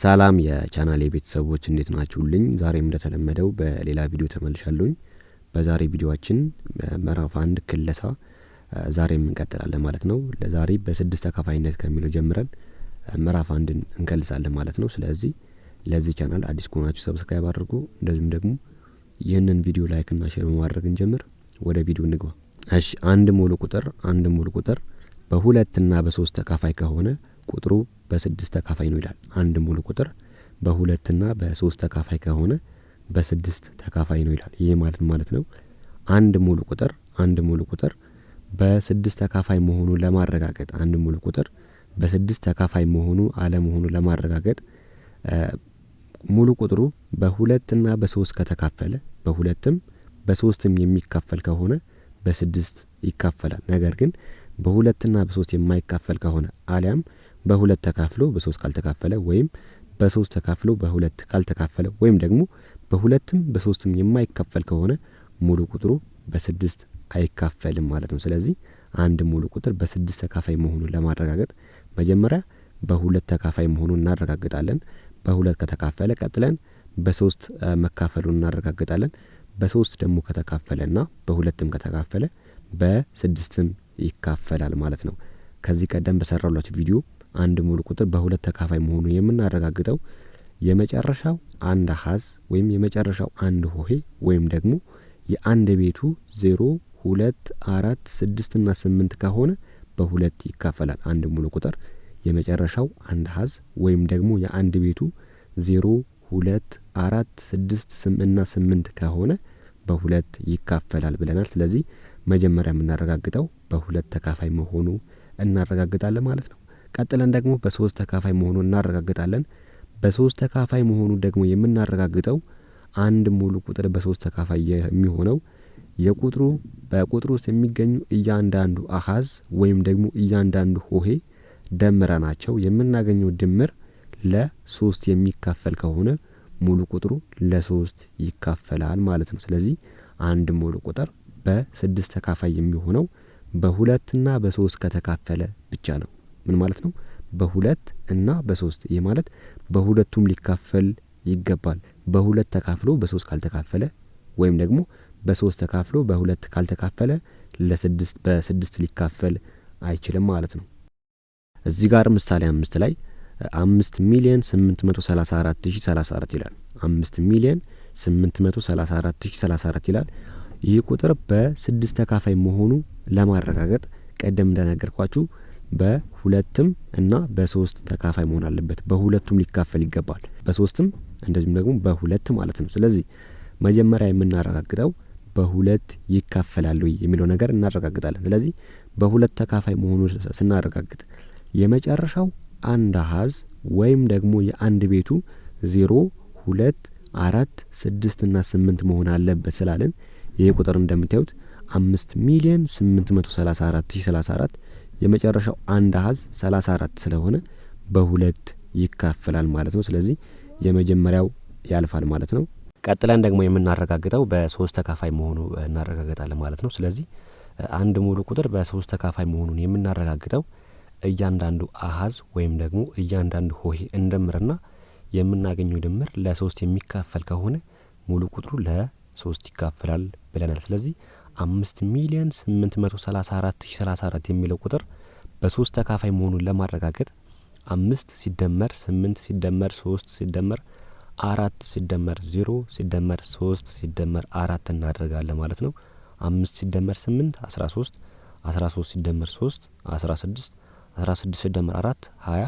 ሰላም የቻናል የቤተሰቦች እንዴት ናችሁልኝ? ዛሬም እንደተለመደው በሌላ ቪዲዮ ተመልሻለሁኝ። በዛሬ ቪዲዮችን ምዕራፍ አንድ ክለሳ ዛሬም እንቀጥላለን ማለት ነው። ለዛሬ በስድስት ተካፋይነት ከሚለው ጀምረን ምዕራፍ አንድን እንከልሳለን ማለት ነው። ስለዚህ ለዚህ ቻናል አዲስ ከሆናችሁ ሰብስክራይብ አድርጉ፣ እንደዚሁም ደግሞ ይህንን ቪዲዮ ላይክና ሼር በማድረግ እንጀምር። ወደ ቪዲዮ እንግባ። እሺ አንድ ሙሉ ቁጥር አንድ ሙሉ ቁጥር በሁለትና በሶስት ተካፋይ ከሆነ ቁጥሩ በስድስት ተካፋይ ነው ይላል። አንድ ሙሉ ቁጥር በሁለትና በሶስት ተካፋይ ከሆነ በስድስት ተካፋይ ነው ይላል። ይህ ማለት ማለት ነው አንድ ሙሉ ቁጥር አንድ ሙሉ ቁጥር በስድስት ተካፋይ መሆኑ ለማረጋገጥ አንድ ሙሉ ቁጥር በስድስት ተካፋይ መሆኑ አለመሆኑ ለማረጋገጥ ሙሉ ቁጥሩ በሁለትና በሶስት ከተካፈለ በሁለትም በሶስትም የሚካፈል ከሆነ በስድስት ይካፈላል። ነገር ግን በሁለትና በሶስት የማይካፈል ከሆነ አሊያም በሁለት ተካፍሎ በሶስት ካልተካፈለ ወይም በሶስት ተካፍሎ በሁለት ካልተካፈለ ወይም ደግሞ በሁለትም በሶስትም የማይካፈል ከሆነ ሙሉ ቁጥሩ በስድስት አይካፈልም ማለት ነው። ስለዚህ አንድ ሙሉ ቁጥር በስድስት ተካፋይ መሆኑን ለማረጋገጥ መጀመሪያ በሁለት ተካፋይ መሆኑን እናረጋግጣለን። በሁለት ከተካፈለ ቀጥለን በሶስት መካፈሉን እናረጋግጣለን። በሶስት ደግሞ ከተካፈለና በሁለትም ከተካፈለ በስድስትም ይካፈላል ማለት ነው። ከዚህ ቀደም በሰራላችሁ ቪዲዮ አንድ ሙሉ ቁጥር በሁለት ተካፋይ መሆኑ የምናረጋግጠው የመጨረሻው አንድ አሃዝ ወይም የመጨረሻው አንድ ሆሄ ወይም ደግሞ የአንድ ቤቱ ዜሮ ሁለት አራት ስድስት እና ስምንት ከሆነ በሁለት ይካፈላል። አንድ ሙሉ ቁጥር የመጨረሻው አንድ አሃዝ ወይም ደግሞ የአንድ ቤቱ ዜሮ ሁለት አራት ስድስት እና ስምንት ከሆነ በሁለት ይካፈላል ብለናል። ስለዚህ መጀመሪያ የምናረጋግጠው በሁለት ተካፋይ መሆኑ እናረጋግጣለን ማለት ነው። ቀጥለን ደግሞ በሶስት ተካፋይ መሆኑን እናረጋግጣለን። በሶስት ተካፋይ መሆኑ ደግሞ የምናረጋግጠው አንድ ሙሉ ቁጥር በሶስት ተካፋይ የሚሆነው የቁጥሩ በቁጥሩ ውስጥ የሚገኙ እያንዳንዱ አሃዝ ወይም ደግሞ እያንዳንዱ ሆሄ ደምረ ናቸው የምናገኘው ድምር ለሶስት የሚካፈል ከሆነ ሙሉ ቁጥሩ ለሶስት ይካፈላል ማለት ነው። ስለዚህ አንድ ሙሉ ቁጥር በስድስት ተካፋይ የሚሆነው በሁለትና በሶስት ከተካፈለ ብቻ ነው። ምን ማለት ነው? በሁለት እና በሶስት ይህ ማለት በሁለቱም ሊካፈል ይገባል። በሁለት ተካፍሎ በሶስት ካልተካፈለ ወይም ደግሞ በሶስት ተካፍሎ በሁለት ካልተካፈለ ለስድስት በስድስት ሊካፈል አይችልም ማለት ነው። እዚህ ጋር ምሳሌ አምስት ላይ አምስት ሚሊየን ስምንት መቶ ሰላሳ አራት ሺ ሰላሳ አራት ይላል። አምስት ሚሊየን ስምንት መቶ ሰላሳ አራት ሺ ሰላሳ አራት ይላል። ይህ ቁጥር በስድስት ተካፋይ መሆኑ ለማረጋገጥ ቀደም እንደነገርኳችሁ በሁለትም እና በሶስት ተካፋይ መሆን አለበት። በሁለቱም ሊካፈል ይገባል። በሶስትም እንደዚሁም ደግሞ በሁለት ማለት ነው። ስለዚህ መጀመሪያ የምናረጋግጠው በሁለት ይካፈላል የሚለው ነገር እናረጋግጣለን። ስለዚህ በሁለት ተካፋይ መሆኑ ስናረጋግጥ የመጨረሻው አንድ አሀዝ ወይም ደግሞ የአንድ ቤቱ ዜሮ ሁለት አራት ስድስት እና ስምንት መሆን አለበት ስላለን ይህ ቁጥር እንደምታዩት አምስት ሚሊየን ስምንት መቶ ሰላሳ አራት ሺ ሰላሳ አራት የመጨረሻው አንድ አሀዝ 34 ስለሆነ በሁለት ይካፈላል ማለት ነው። ስለዚህ የመጀመሪያው ያልፋል ማለት ነው። ቀጥለን ደግሞ የምናረጋግጠው በሶስት ተካፋይ መሆኑ እናረጋግጣለን ማለት ነው። ስለዚህ አንድ ሙሉ ቁጥር በሶስት ተካፋይ መሆኑን የምናረጋግጠው እያንዳንዱ አሀዝ ወይም ደግሞ እያንዳንዱ ሆሄ እንደምርና የምናገኘው ድምር ለሶስት የሚካፈል ከሆነ ሙሉ ቁጥሩ ለሶስት ይካፈላል ብለናል። ስለዚህ አምስት ሚሊዮን ስምንት መቶ ሰላሳ አራት ሺ ሰላሳ አራት የሚለው ቁጥር በሶስት ተካፋይ መሆኑን ለማረጋገጥ አምስት ሲደመር ስምንት ሲደመር ሶስት ሲደመር አራት ሲደመር ዜሮ ሲደመር ሶስት ሲደመር አራት እናደርጋለን ማለት ነው። አምስት ሲደመር ስምንት አስራ ሶስት አስራ ሶስት ሲደመር ሶስት አስራ ስድስት አስራ ስድስት ሲደመር አራት ሀያ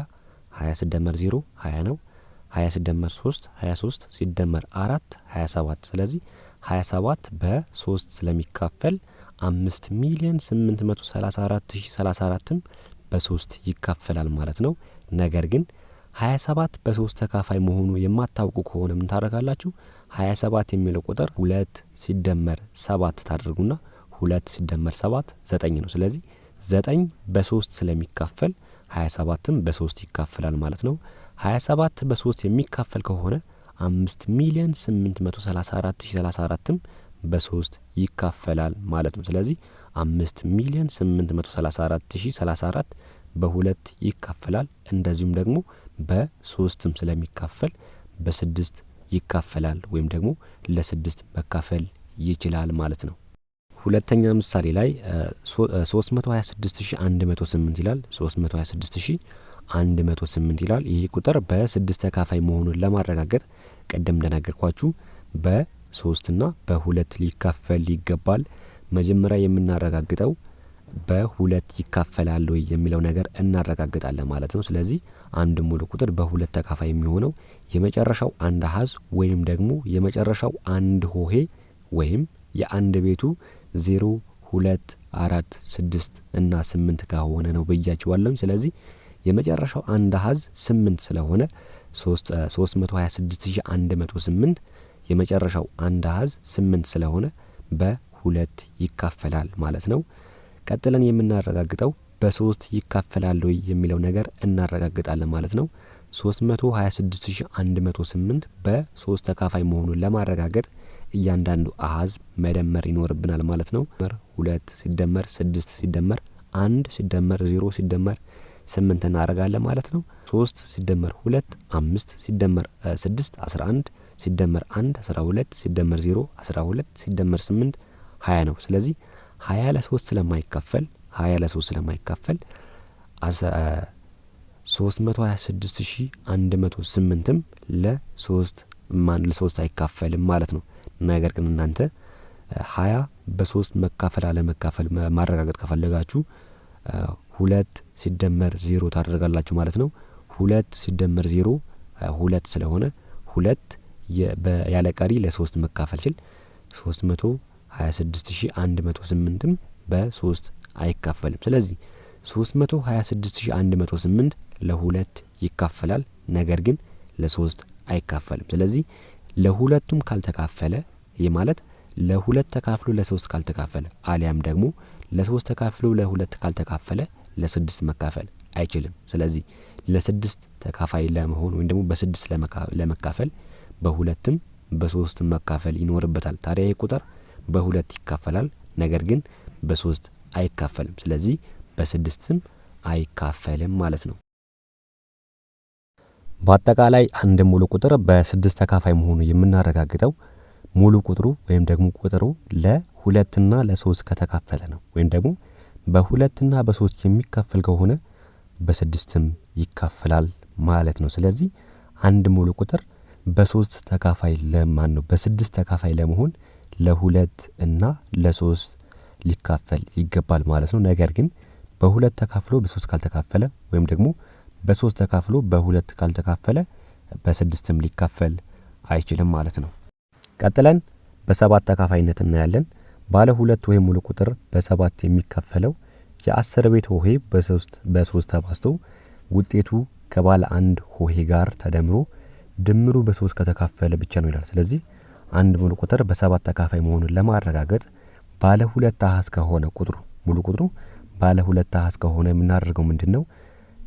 ሀያ ሲደመር ዜሮ ሀያ ነው። ሀያ ሲደመር ሶስት ሀያ ሶስት ሲደመር አራት ሀያ ሰባት ስለዚህ 27 በ3 ስለሚካፈል 5 ሚሊዮን 834034ም በ3 ይካፈላል ማለት ነው። ነገር ግን 27 በ3 ተካፋይ መሆኑ የማታውቁ ከሆነ ምን ታደርጋላችሁ? 27 የሚለው ቁጥር ሁለት ሲደመር ሰባት ታደርጉና 2 ሲደመር ሰባት ዘጠኝ ነው። ስለዚህ ዘጠኝ በሶስት ስለሚካፈል 27ም በሶስት ይካፈላል ማለት ነው። 27 በ3 የሚካፈል ከሆነ አምስት ሚሊዮን ስምንት መቶ ሰላሳ አራት ሺ ሰላሳ አራትም በሶስት ይካፈላል ማለት ነው። ስለዚህ አምስት ሚሊዮን ስምንት መቶ ሰላሳ አራት ሺ ሰላሳ አራት በሁለት ይካፈላል። እንደዚሁም ደግሞ በሶስትም ስለሚካፈል በስድስት ይካፈላል ወይም ደግሞ ለስድስት መካፈል ይችላል ማለት ነው። ሁለተኛ ምሳሌ ላይ ሶስት መቶ ሀያ ስድስት ሺ አንድ መቶ ስምንት ይላል ሶስት መቶ ሀያ ስድስት ሺ 108 ይላል። ይህ ቁጥር በስድስት ተካፋይ መሆኑን ለማረጋገጥ ቅድም እንደነገርኳችሁ በሶስትና በሁለት ሊካፈል ይገባል። መጀመሪያ የምናረጋግጠው በሁለት ይካፈላል ወይ የሚለው ነገር እናረጋግጣለን ማለት ነው። ስለዚህ አንድ ሙሉ ቁጥር በሁለት ተካፋይ የሚሆነው የመጨረሻው አንድ አሀዝ ወይም ደግሞ የመጨረሻው አንድ ሆሄ ወይም የአንድ ቤቱ ዜሮ ሁለት አራት ስድስት እና ስምንት ከሆነ ነው ብያችኋለሁ። ስለዚህ የመጨረሻው አንድ አሀዝ ስምንት ስለሆነ 326108 የመጨረሻው አንድ አሀዝ ስምንት ስለሆነ በሁለት ይካፈላል ማለት ነው። ቀጥለን የምናረጋግጠው በሶስት ይካፈላል ወይ የሚለው ነገር እናረጋግጣለን ማለት ነው። 326108 በ3 ተካፋይ መሆኑን ለማረጋገጥ እያንዳንዱ አሀዝ መደመር ይኖርብናል ማለት ነው። ሁለት ሲደመር ስድስት ሲደመር አንድ ሲደመር ዜሮ ሲደመር ስምንት እናደርጋለን ማለት ነው። ሶስት ሲደመር ሁለት አምስት ሲደመር ስድስት አስራ አንድ ሲደመር አንድ አስራ ሁለት ሲደመር ዜሮ አስራ ሁለት ሲደመር ስምንት ሀያ ነው። ስለዚህ ሀያ ለሶስት ስለማይካፈል ሀያ ለሶስት ስለማይካፈል ሶስት መቶ ሀያ ስድስት ሺ አንድ መቶ ስምንትም ለሶስት ማን ለሶስት አይካፈልም ማለት ነው። ነገር ግን እናንተ ሀያ በሶስት መካፈል አለመካፈል ማረጋገጥ ከፈለጋችሁ ሁለት ሲደመር ዜሮ ታደርጋላችሁ ማለት ነው። ሁለት ሲደመር ዜሮ ሁለት ስለሆነ ሁለት ያለ ቀሪ ለሶስት መካፈል ሲል ሶስት መቶ ሀያ ስድስት ሺ አንድ መቶ ስምንትም በሶስት አይካፈልም። ስለዚህ ሶስት መቶ ሀያ ስድስት ሺ አንድ መቶ ስምንት ለሁለት ይካፈላል፣ ነገር ግን ለሶስት አይካፈልም። ስለዚህ ለሁለቱም ካልተካፈለ ይህ ማለት ለሁለት ተካፍሎ ለሶስት ካልተካፈለ አሊያም ደግሞ ለሶስት ተካፍሎ ለሁለት ካልተካፈለ ለስድስት መካፈል አይችልም። ስለዚህ ለስድስት ተካፋይ ለመሆን ወይም ደግሞ በስድስት ለመካፈል በሁለትም በሶስትም መካፈል ይኖርበታል። ታዲያ ይህ ቁጥር በሁለት ይካፈላል፣ ነገር ግን በሶስት አይካፈልም። ስለዚህ በስድስትም አይካፈልም ማለት ነው። በአጠቃላይ አንድ ሙሉ ቁጥር በስድስት ተካፋይ መሆኑ የምናረጋግጠው ሙሉ ቁጥሩ ወይም ደግሞ ቁጥሩ ለሁለትና ለሶስት ከተካፈለ ነው ወይም ደግሞ በሁለትና በሶስት የሚካፈል ከሆነ በስድስትም ይካፈላል ማለት ነው። ስለዚህ አንድ ሙሉ ቁጥር በሶስት ተካፋይ ለማን ነው በስድስት ተካፋይ ለመሆን ለሁለት እና ለሶስት ሊካፈል ይገባል ማለት ነው። ነገር ግን በሁለት ተካፍሎ በሶስት ካልተካፈለ ወይም ደግሞ በሶስት ተካፍሎ በሁለት ካልተካፈለ በስድስትም ሊካፈል አይችልም ማለት ነው። ቀጥለን በሰባት ተካፋይነት እናያለን። ባለ ሁለት ሆሄ ሙሉ ቁጥር በሰባት የሚከፈለው የአስር ቤት ሆሄ በሶስት ተባዝቶ ውጤቱ ከባለ አንድ ሆሄ ጋር ተደምሮ ድምሩ በሶስት ከተካፈለ ብቻ ነው ይላል። ስለዚህ አንድ ሙሉ ቁጥር በሰባት ተካፋይ መሆኑን ለማረጋገጥ ባለ ሁለት አሃዝ ከሆነ ቁጥሩ ሙሉ ቁጥሩ ባለ ሁለት አሃዝ ከሆነ የምናደርገው ምንድን ነው?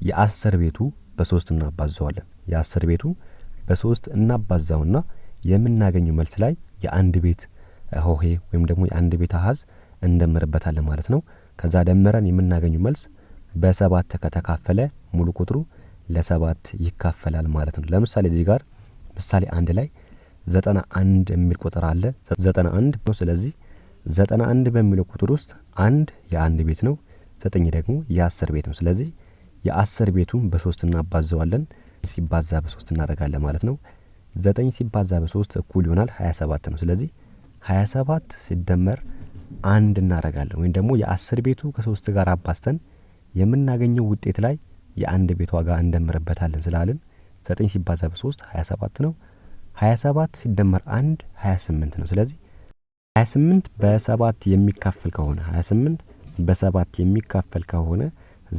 የአስር ቤቱ በሶስት እናባዛዋለን። የአስር ቤቱ በሶስት እናባዛውና የምናገኘው መልስ ላይ የአንድ ቤት ሆሄ ወይም ደግሞ የአንድ ቤት አሀዝ እንደምርበታለን ማለት ነው። ከዛ ደምረን የምናገኘው መልስ በሰባት ከተካፈለ ሙሉ ቁጥሩ ለሰባት ይካፈላል ማለት ነው። ለምሳሌ እዚህ ጋር ምሳሌ አንድ ላይ ዘጠና አንድ የሚል ቁጥር አለ። ዘጠና አንድ ስለዚህ ዘጠና አንድ በሚለው ቁጥር ውስጥ አንድ የአንድ ቤት ነው። ዘጠኝ ደግሞ የአስር ቤት ነው። ስለዚህ የአስር ቤቱን በሶስት እናባዘዋለን። ሲባዛ በሶስት እናደርጋለን ማለት ነው። ዘጠኝ ሲባዛ በሶስት እኩል ይሆናል ሀያ ሰባት ነው። ስለዚህ 27 ሲደመር አንድ እናደርጋለን ወይም ደግሞ የአስር ቤቱ ከሶስት ጋር አባስተን የምናገኘው ውጤት ላይ የአንድ ቤት ዋጋ እንደምርበታለን ስላልን 9 ሲባዛ በ3 27 ነው። 27 ሲደመር 1 28 ነው። ስለዚህ 28 በሰባት የሚካፈል ከሆነ 28 በሰባት የሚካፈል ከሆነ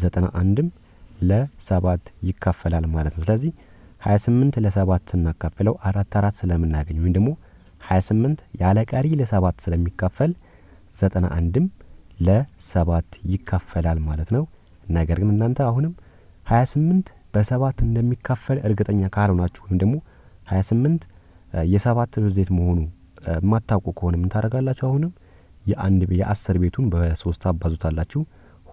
91ም ለሰባት ይካፈላል ማለት ነው። ስለዚህ 28 ለሰባት ስናካፍለው አራት አራት ስለምናገኝ ወይም ደግሞ 28 ያለ ቀሪ ለሰባት ስለሚካፈል 91ም ለሰባት ይካፈላል ማለት ነው። ነገር ግን እናንተ አሁንም 28 በሰባት እንደሚካፈል እርግጠኛ ካልሆናችሁ ወይም ደግሞ 28 የሰባት ብዜት መሆኑ የማታውቁ ከሆነ ምን ታደርጋላችሁ? አሁንም የአንድ የአስር ቤቱን በሶስት አባዙታላችሁ።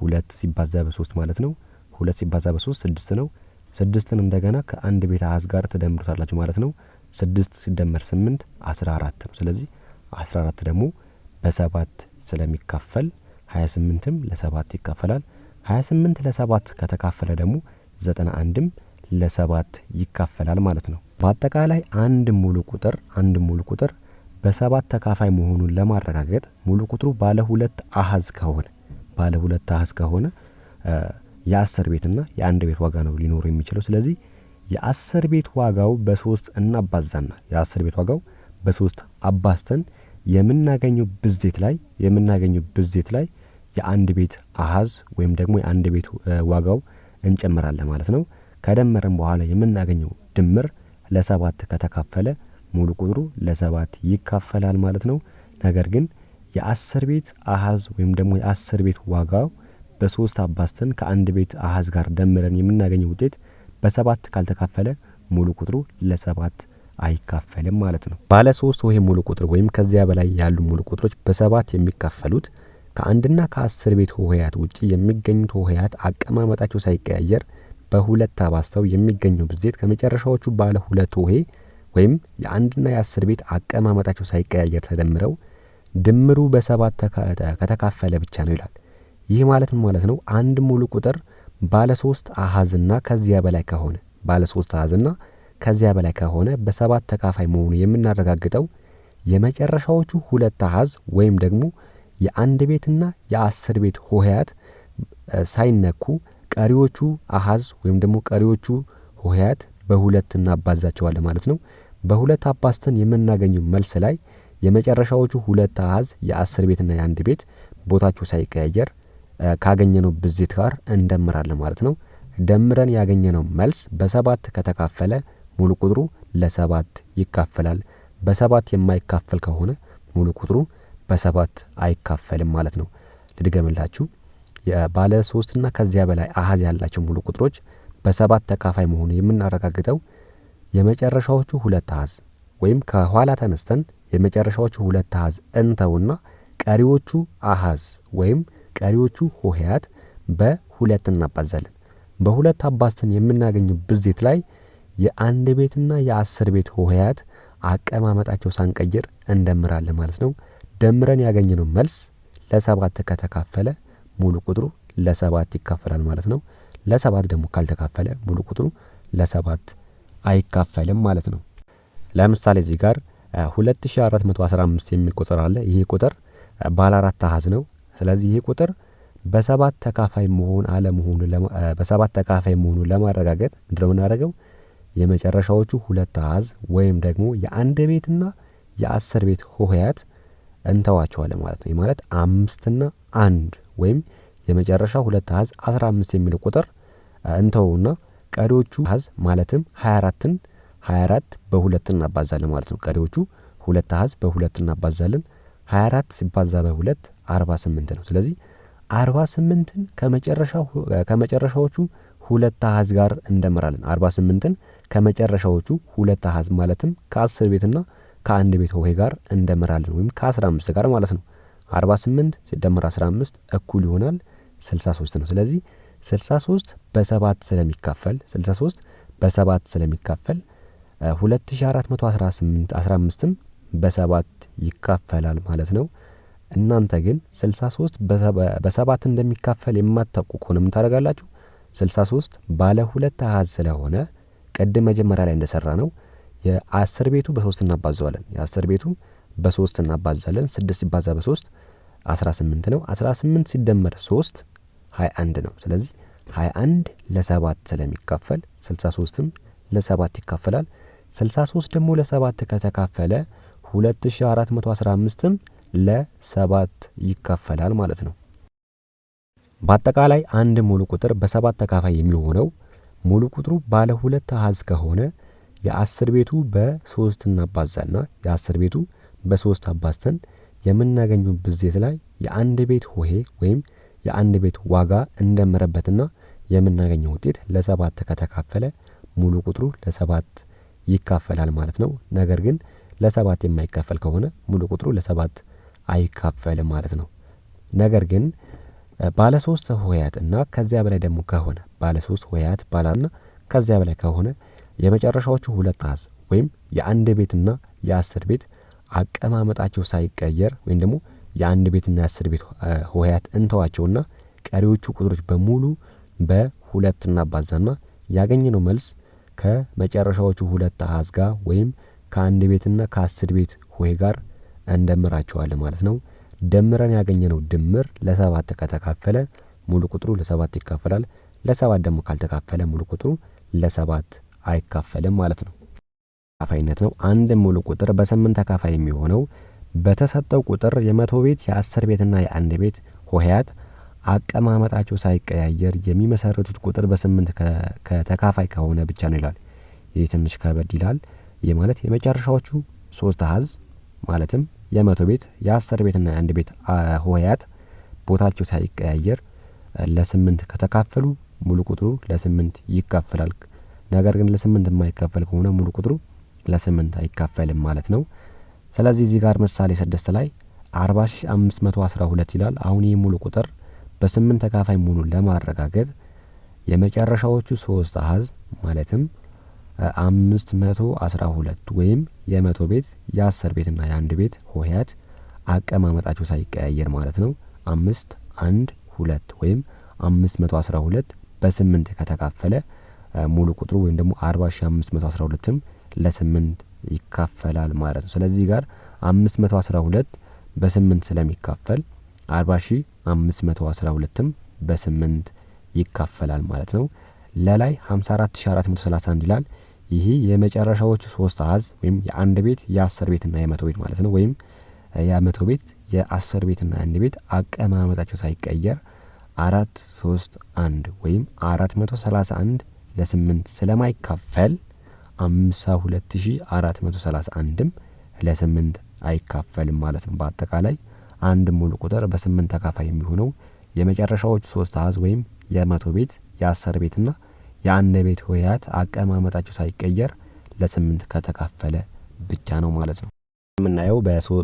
ሁለት ሲባዛ በሶስት ማለት ነው። ሁለት ሲባዛ በሶስት ስድስት ነው። ስድስትን እንደገና ከአንድ ቤት አሃዝ ጋር ትደምሩታላችሁ ማለት ነው። ስድስት ሲደመር ስምንት አስራ አራት ነው። ስለዚህ አስራ አራት ደግሞ በሰባት ስለሚካፈል ሀያ ስምንትም ለሰባት ይካፈላል። ሀያ ስምንት ለሰባት ከተካፈለ ደግሞ ዘጠና አንድም ለሰባት ይካፈላል ማለት ነው። በአጠቃላይ አንድ ሙሉ ቁጥር አንድ ሙሉ ቁጥር በሰባት ተካፋይ መሆኑን ለማረጋገጥ ሙሉ ቁጥሩ ባለ ሁለት አሀዝ ከሆነ ባለ ሁለት አሀዝ ከሆነ የአስር ቤትና የአንድ ቤት ዋጋ ነው ሊኖሩ የሚችለው። ስለዚህ የአስር ቤት ዋጋው በሶስት እናባዛና የአስር ቤት ዋጋው በሶስት አባዝተን የምናገኘው ብዜት ላይ የምናገኘው ብዜት ላይ የአንድ ቤት አሃዝ ወይም ደግሞ የአንድ ቤት ዋጋው እንጨምራለን ማለት ነው። ከደመረን በኋላ የምናገኘው ድምር ለሰባት ከተካፈለ ሙሉ ቁጥሩ ለሰባት ይካፈላል ማለት ነው። ነገር ግን የአስር ቤት አሃዝ ወይም ደግሞ የአስር ቤት ዋጋው በሶስት አባዝተን ከአንድ ቤት አሃዝ ጋር ደምረን የምናገኘው ውጤት በሰባት ካልተካፈለ ሙሉ ቁጥሩ ለሰባት አይካፈልም ማለት ነው። ባለ ሶስት ወይም ሙሉ ቁጥር ወይም ከዚያ በላይ ያሉ ሙሉ ቁጥሮች በሰባት የሚካፈሉት ከአንድና ከአስር ቤት ሆሄያት ውጪ የሚገኙት ሆሄያት አቀማመጣቸው ሳይቀያየር በሁለት አባስተው የሚገኘው ብዜት ከመጨረሻዎቹ ባለ ሁለት ሆሄ ወይም የአንድና የአስር ቤት አቀማመጣቸው ሳይቀያየር ተደምረው ድምሩ በሰባት ከተካፈለ ብቻ ነው ይላል። ይህ ማለት ምን ማለት ነው? አንድ ሙሉ ቁጥር ባለ ሶስት አሃዝና ከዚያ በላይ ከሆነ ባለ ሶስት አሃዝና ከዚያ በላይ ከሆነ በሰባት ተካፋይ መሆኑ የምናረጋግጠው የመጨረሻዎቹ ሁለት አሃዝ ወይም ደግሞ የአንድ ቤትና የአስር ቤት ሆሄያት ሳይነኩ ቀሪዎቹ አሃዝ ወይም ደግሞ ቀሪዎቹ ሆሄያት በሁለት እናባዛቸዋለን ማለት ነው። በሁለት አባዝተን የምናገኘው መልስ ላይ የመጨረሻዎቹ ሁለት አሃዝ የአስር ቤትና የአንድ ቤት ቦታቸው ሳይቀያየር ካገኘነው ብዜት ጋር እንደምራለን ማለት ነው። ደምረን ያገኘነው መልስ በሰባት ከተካፈለ ሙሉ ቁጥሩ ለሰባት ይካፈላል። በሰባት የማይካፈል ከሆነ ሙሉ ቁጥሩ በሰባት አይካፈልም ማለት ነው። ልድገምላችሁ። ባለ ሶስትና ከዚያ በላይ አሀዝ ያላቸው ሙሉ ቁጥሮች በሰባት ተካፋይ መሆኑ የምናረጋግጠው የመጨረሻዎቹ ሁለት አሀዝ ወይም ከኋላ ተነስተን የመጨረሻዎቹ ሁለት አሀዝ እንተውና ቀሪዎቹ አሀዝ ወይም ቀሪዎቹ ሆሄያት በሁለት እናባዛለን። በሁለት አባዝተን የምናገኘው ብዜት ላይ የአንድ ቤትና የአስር ቤት ሆሄያት አቀማመጣቸው ሳንቀይር እንደምራለን ማለት ነው። ደምረን ያገኘነው መልስ ለሰባት ከተካፈለ ሙሉ ቁጥሩ ለሰባት ይካፈላል ማለት ነው። ለሰባት ደግሞ ካልተካፈለ ሙሉ ቁጥሩ ለሰባት አይካፈልም ማለት ነው። ለምሳሌ እዚህ ጋር 2415 የሚል ቁጥር አለ። ይህ ቁጥር ባለ አራት አሃዝ ነው። ስለዚህ ይህ ቁጥር በሰባት ተካፋይ መሆን አለመሆኑ በሰባት ተካፋይ መሆኑን ለማረጋገጥ ነው የምናደርገው? የመጨረሻዎቹ ሁለት አሃዝ ወይም ደግሞ የአንድ ቤትና የአስር ቤት ሆሄያት እንተዋቸዋለን ማለት ነው። ማለት አምስትና አንድ ወይም የመጨረሻ ሁለት አሃዝ አስራ አምስት የሚለው ቁጥር እንተውና ቀሪዎቹ አሃዝ ማለትም ሀያ አራትን ሀያ አራት በሁለት እናባዛለን ማለት ነው። ቀሪዎቹ ሁለት አሃዝ በሁለት እናባዛለን 24 ሲባዛ በ2 48 ነው። ስለዚህ 48ን ከመጨረሻዎቹ ሁለት አሃዝ ጋር እንደምራለን። 48ን ከመጨረሻዎቹ ሁለት አሃዝ ማለትም ከ10 ቤትና ከአንድ ቤት ሆሄ ጋር እንደምራለን ወይም ከ15 ጋር ማለት ነው። 48 ሲደመር 15 እኩል ይሆናል 63 ነው። ስለዚህ 63 በሰባት ስለሚካፈል 63 በሰባት ስለሚካፈል 2418 15ም በሰባት ይካፈላል ማለት ነው። እናንተ ግን 63 በሰባት እንደሚካፈል የማታውቁ ከሆነ ምን ታደርጋላችሁ? 63 ባለ ሁለት አሃዝ ስለሆነ ቅድም መጀመሪያ ላይ እንደሰራ ነው የአስር ቤቱ በሶስት እናባዘዋለን። የአስር ቤቱ በሶስት እናባዛለን። ስድስት ሲባዛ በሶስት አስራ ስምንት ነው። 18 ሲደመር 3 21 ነው። ስለዚህ 21 ለሰባት ስለሚካፈል ስልሳ ሶስትም ለሰባት ይካፈላል። 63 ደግሞ ለሰባት ከተካፈለ 2415ም ለሰባት ይካፈላል ማለት ነው። በአጠቃላይ አንድ ሙሉ ቁጥር በሰባት ተካፋይ የሚሆነው ሙሉ ቁጥሩ ባለ ሁለት አሃዝ ከሆነ የአስር ቤቱ በሶስት እናባዛና የአስር ቤቱ በሶስት አባዝተን የምናገኘው ብዜት ላይ የአንድ ቤት ሆሄ ወይም የአንድ ቤት ዋጋ እንደመረበትና የምናገኘው ውጤት ለሰባት ከተካፈለ ሙሉ ቁጥሩ ለሰባት ይካፈላል ማለት ነው። ነገር ግን ለሰባት የማይካፈል ከሆነ ሙሉ ቁጥሩ ለሰባት አይካፈልም ማለት ነው። ነገር ግን ባለ ሶስት ሆሄያት እና ከዚያ በላይ ደግሞ ከሆነ ባለ ሶስት ሆሄያት ባላና ከዚያ በላይ ከሆነ የመጨረሻዎቹ ሁለት አሃዝ ወይም የአንድ ቤትና የአስር ቤት አቀማመጣቸው ሳይቀየር ወይም ደግሞ የአንድ ቤትና የአስር ቤት ሆሄያት እንተዋቸውና ቀሪዎቹ ቁጥሮች በሙሉ በሁለት እናባዛና ያገኘነው መልስ ከመጨረሻዎቹ ሁለት አሃዝ ጋር ወይም ከአንድ ቤትና ከአስር ቤት ሆሄ ጋር እንደምራቸዋለን ማለት ነው። ደምረን ያገኘነው ድምር ለሰባት ከተካፈለ ሙሉ ቁጥሩ ለሰባት ይካፈላል። ለሰባት ደግሞ ካልተካፈለ ሙሉ ቁጥሩ ለሰባት አይካፈልም ማለት ነው። ተካፋይነት ነው። አንድ ሙሉ ቁጥር በስምንት ተካፋይ የሚሆነው በተሰጠው ቁጥር የመቶ ቤት የአስር ቤትና የአንድ ቤት ሆሄያት አቀማመጣቸው ሳይቀያየር የሚመሰረቱት ቁጥር በስምንት ከተካፋይ ከሆነ ብቻ ነው ይላል። ይህ ትንሽ ከበድ ይላል። ይህ ማለት የመጨረሻዎቹ ሶስት አሀዝ ማለትም የመቶ ቤት የአስር ቤትና የአንድ ቤት ሆሄያት ቦታቸው ሳይቀያየር ለስምንት ከተካፈሉ ሙሉ ቁጥሩ ለስምንት ይካፈላል። ነገር ግን ለስምንት የማይካፈል ከሆነ ሙሉ ቁጥሩ ለስምንት አይካፈልም ማለት ነው። ስለዚህ እዚህ ጋር ምሳሌ ስድስት ላይ አርባ ሺ አምስት መቶ አስራ ሁለት ይላል። አሁን ይህ ሙሉ ቁጥር በስምንት ተካፋይ መሆኑን ለማረጋገጥ የመጨረሻዎቹ ሶስት አሀዝ ማለትም አምስት መቶ አስራ ሁለት ወይም የመቶ ቤት የአስር ቤትና የአንድ ቤት ሆሄያት አቀማመጣቸው ሳይቀያየር ማለት ነው። አምስት አንድ ሁለት ወይም አምስት መቶ አስራ ሁለት በስምንት ከተካፈለ ሙሉ ቁጥሩ ወይም ደግሞ አርባ ሺ አምስት መቶ አስራ ሁለትም ለስምንት ይካፈላል ማለት ነው። ስለዚህ ጋር አምስት መቶ አስራ ሁለት በስምንት ስለሚካፈል አርባ ሺ አምስት መቶ አስራ ሁለትም በስምንት ይካፈላል ማለት ነው። ለላይ ሀምሳ አራት ሺ አራት መቶ ሰላሳ አንድ ይላል። ይህ የመጨረሻዎቹ ሶስት አሃዝ ወይም የአንድ ቤት የአስር ቤትና የመቶ ቤት ማለት ነው። ወይም የመቶ ቤት የአስር ቤትና የአንድ ቤት አቀማመጣቸው ሳይቀየር አራት ሶስት አንድ ወይም አራት መቶ ሰላሳ አንድ ለስምንት ስለማይካፈል አምሳ ሁለት ሺ አራት መቶ ሰላሳ አንድም ለስምንት አይካፈልም ማለት ነው። በአጠቃላይ አንድ ሙሉ ቁጥር በስምንት ተካፋይ የሚሆነው የመጨረሻዎቹ ሶስት አሃዝ ወይም የመቶ ቤት የአስር ቤትና የአንድ ቤት ሆሄያት አቀማመጣቸው ሳይቀየር ለስምንት ከተካፈለ ብቻ ነው ማለት ነው። የምናየው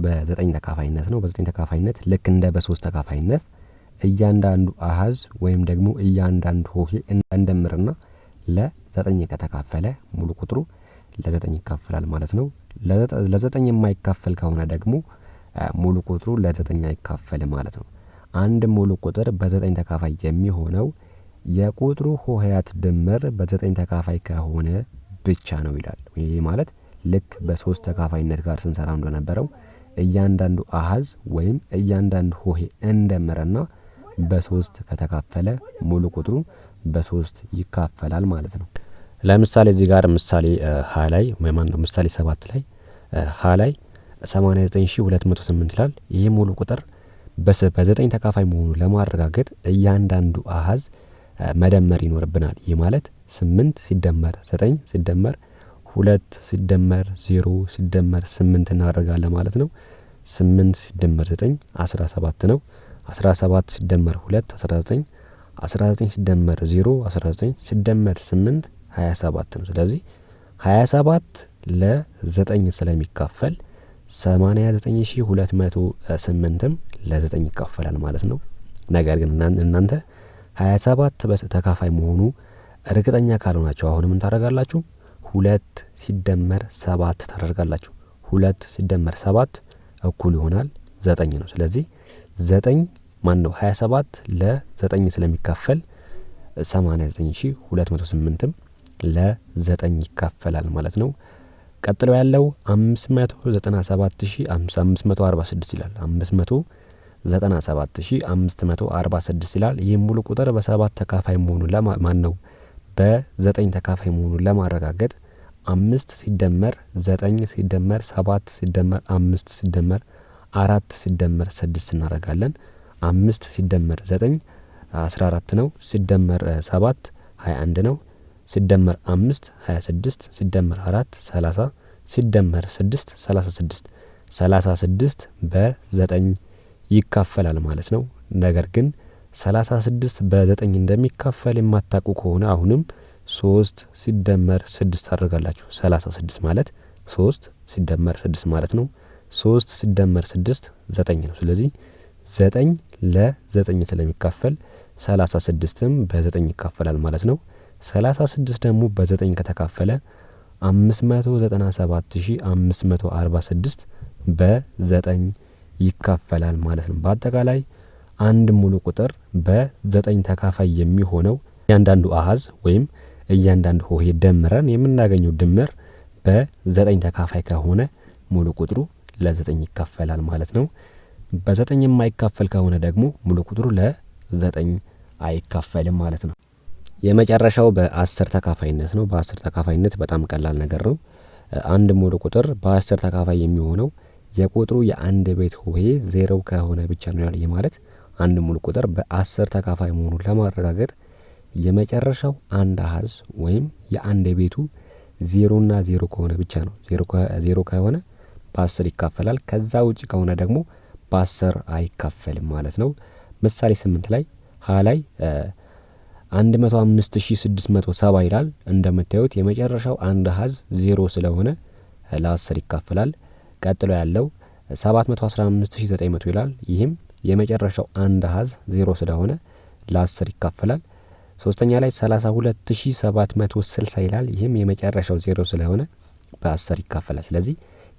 በዘጠኝ ተካፋይነት ነው። በዘጠኝ ተካፋይነት ልክ እንደ በሶስት ተካፋይነት እያንዳንዱ አሃዝ ወይም ደግሞ እያንዳንዱ ሆሄ እንደምርና ለዘጠኝ ከተካፈለ ሙሉ ቁጥሩ ለዘጠኝ ይካፈላል ማለት ነው። ለዘጠኝ የማይካፈል ከሆነ ደግሞ ሙሉ ቁጥሩ ለዘጠኝ አይካፈልም ማለት ነው። አንድ ሙሉ ቁጥር በዘጠኝ ተካፋይ የሚሆነው የቁጥሩ ሆሄያት ድምር በዘጠኝ ተካፋይ ከሆነ ብቻ ነው ይላል። ይህ ማለት ልክ በሶስት ተካፋይነት ጋር ስንሰራ እንደነበረው እያንዳንዱ አሃዝ ወይም እያንዳንዱ ሆሄ እንደምረና በሶስት ከተካፈለ ሙሉ ቁጥሩ በሶስት ይካፈላል ማለት ነው። ለምሳሌ እዚህ ጋር ምሳሌ ሀ ላይ ወይ ምሳሌ ሰባት ላይ ሀ ላይ 89208 ይላል። ይህ ሙሉ ቁጥር በዘጠኝ ተካፋይ መሆኑ ለማረጋገጥ እያንዳንዱ አሃዝ መደመር ይኖርብናል። ይህ ማለት ስምንት ሲደመር ዘጠኝ ሲደመር ሁለት ሲደመር ዜሮ ሲደመር ስምንት እናደርጋለን ማለት ነው። ስምንት ሲደመር ዘጠኝ አስራ ሰባት ነው። አስራ ሰባት ሲደመር ሁለት አስራ ዘጠኝ አስራ ዘጠኝ ሲደመር ዜሮ አስራ ዘጠኝ ሲደመር ስምንት ሀያ ሰባት ነው። ስለዚህ ሀያ ሰባት ለዘጠኝ ስለሚካፈል ሰማንያ ዘጠኝ ሺ ሁለት መቶ ስምንትም ለዘጠኝ ይካፈላል ማለት ነው። ነገር ግን እናንተ 27 ተካፋይ መሆኑ እርግጠኛ ካልሆናችሁ አሁን ምን ታደርጋላችሁ? ሁለት ሲደመር ሰባት ታደርጋላችሁ። ሁለት ሲደመር ሰባት እኩል ይሆናል ዘጠኝ ነው። ስለዚህ ዘጠኝ ማን ነው 27 ለ9 ስለሚካፈል 89208ም ለ9 ይካፈላል ማለት ነው። ቀጥሎ ያለው 597546 ይላል 500 97546 ይላል። ይህም ሙሉ ቁጥር በሰባት ተካፋይ መሆኑን ለማን ነው በዘጠኝ ተካፋይ መሆኑን ለማረጋገጥ አምስት ሲደመር ዘጠኝ ሲደመር ሰባት ሲደመር አምስት ሲደመር አራት ሲደመር ስድስት እናደርጋለን። አምስት ሲደመር ዘጠኝ አስራ አራት ነው። ሲደመር ሰባት ሀያ አንድ ነው። ሲደመር አምስት ሀያ ስድስት ሲደመር አራት ሰላሳ ሲደመር ስድስት ሰላሳ ስድስት ሰላሳ ስድስት በዘጠኝ ይካፈላል ማለት ነው። ነገር ግን 36 በ9 እንደሚካፈል የማታውቁ ከሆነ አሁንም ሶስት ሲደመር ስድስት ታደርጋላችሁ። 36 ማለት 3 ሲደመር ስድስት ማለት ነው። 3 ሲደመር ስድስት 9 ነው። ስለዚህ ዘጠኝ ለዘጠኝ ስለሚካፈል 36ም ስድስትም በዘጠኝ ይካፈላል ማለት ነው። 36 ደግሞ ደግሞ 9 ከተካፈለ 597546 በ9 በዘጠኝ ይካፈላል ማለት ነው። በአጠቃላይ አንድ ሙሉ ቁጥር በዘጠኝ ተካፋይ የሚሆነው እያንዳንዱ አሀዝ ወይም እያንዳንዱ ሆሄ ደምረን የምናገኘው ድምር በዘጠኝ ተካፋይ ከሆነ ሙሉ ቁጥሩ ለዘጠኝ ይካፈላል ማለት ነው። በዘጠኝ የማይካፈል ከሆነ ደግሞ ሙሉ ቁጥሩ ለዘጠኝ አይካፈልም ማለት ነው። የመጨረሻው በአስር ተካፋይነት ነው። በአስር ተካፋይነት በጣም ቀላል ነገር ነው። አንድ ሙሉ ቁጥር በአስር ተካፋይ የሚሆነው የቁጥሩ የአንድ ቤት ሆሄ ዜሮ ከሆነ ብቻ ነው ይላል። ማለት አንድ ሙሉ ቁጥር በአስር ተካፋይ መሆኑን ለማረጋገጥ የመጨረሻው አንድ አሃዝ ወይም የአንድ ቤቱ ዜሮና ዜሮ ከሆነ ብቻ ነው። ዜሮ ከሆነ በአስር ይካፈላል። ከዛ ውጭ ከሆነ ደግሞ በአስር አይካፈልም ማለት ነው። ምሳሌ ስምንት ላይ ሀ ላይ አንድ መቶ አምስት ሺ ስድስት መቶ ሰባ ይላል። እንደምታዩት የመጨረሻው አንድ አሃዝ ዜሮ ስለሆነ ለአስር ይካፈላል። ቀጥሎ ያለው 715900 ይላል። ይህም የመጨረሻው አንድ ሀዝ ዜሮ ስለሆነ ለ10 ይካፈላል። ሶስተኛ ላይ 32760 ይላል። ይህም የመጨረሻው ዜሮ ስለሆነ በ10 ይካፈላል። ስለዚህ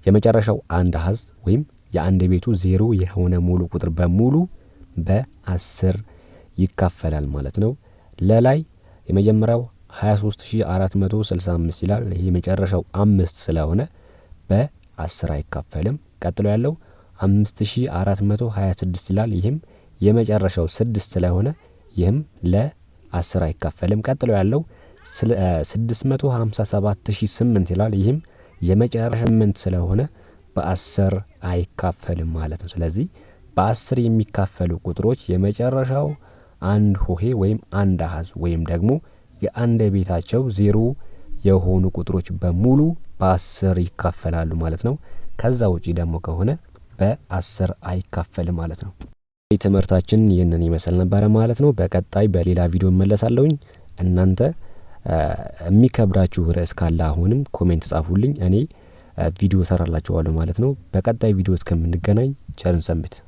የመጨረሻው አንድ ሀዝ ወይም የአንድ ቤቱ ዜሮ የሆነ ሙሉ ቁጥር በሙሉ በ10 ይካፈላል ማለት ነው። ለላይ የመጀመሪያው 23465 ይላል። ይህ የመጨረሻው አምስት ስለሆነ በ አስር አይካፈልም። ቀጥሎ ያለው ስድስት ይላል። ይህም የመጨረሻው ስድስት ስለሆነ ይህም ለአስር አይካፈልም። ቀጥሎ ያለው ስምንት ይላል። ይህም የመጨረሻ ስምንት ስለሆነ በአስር አይካፈልም ማለት ነው። ስለዚህ በአስር የሚካፈሉ ቁጥሮች የመጨረሻው አንድ ሆሄ ወይም አንድ አሀዝ ወይም ደግሞ የአንድ ቤታቸው ዜሮ የሆኑ ቁጥሮች በሙሉ በአስር ይካፈላሉ ማለት ነው። ከዛ ውጪ ደግሞ ከሆነ በአስር አይካፈልም ማለት ነው። ትምህርታችን ይህንን ይመስል ነበረ ማለት ነው። በቀጣይ በሌላ ቪዲዮ እመለሳለሁኝ። እናንተ የሚከብዳችሁ ርዕስ ካለ አሁንም ኮሜንት ጻፉልኝ፣ እኔ ቪዲዮ እሰራላችኋለሁ ማለት ነው። በቀጣይ ቪዲዮ እስከምንገናኝ ቸርን ሰንብት።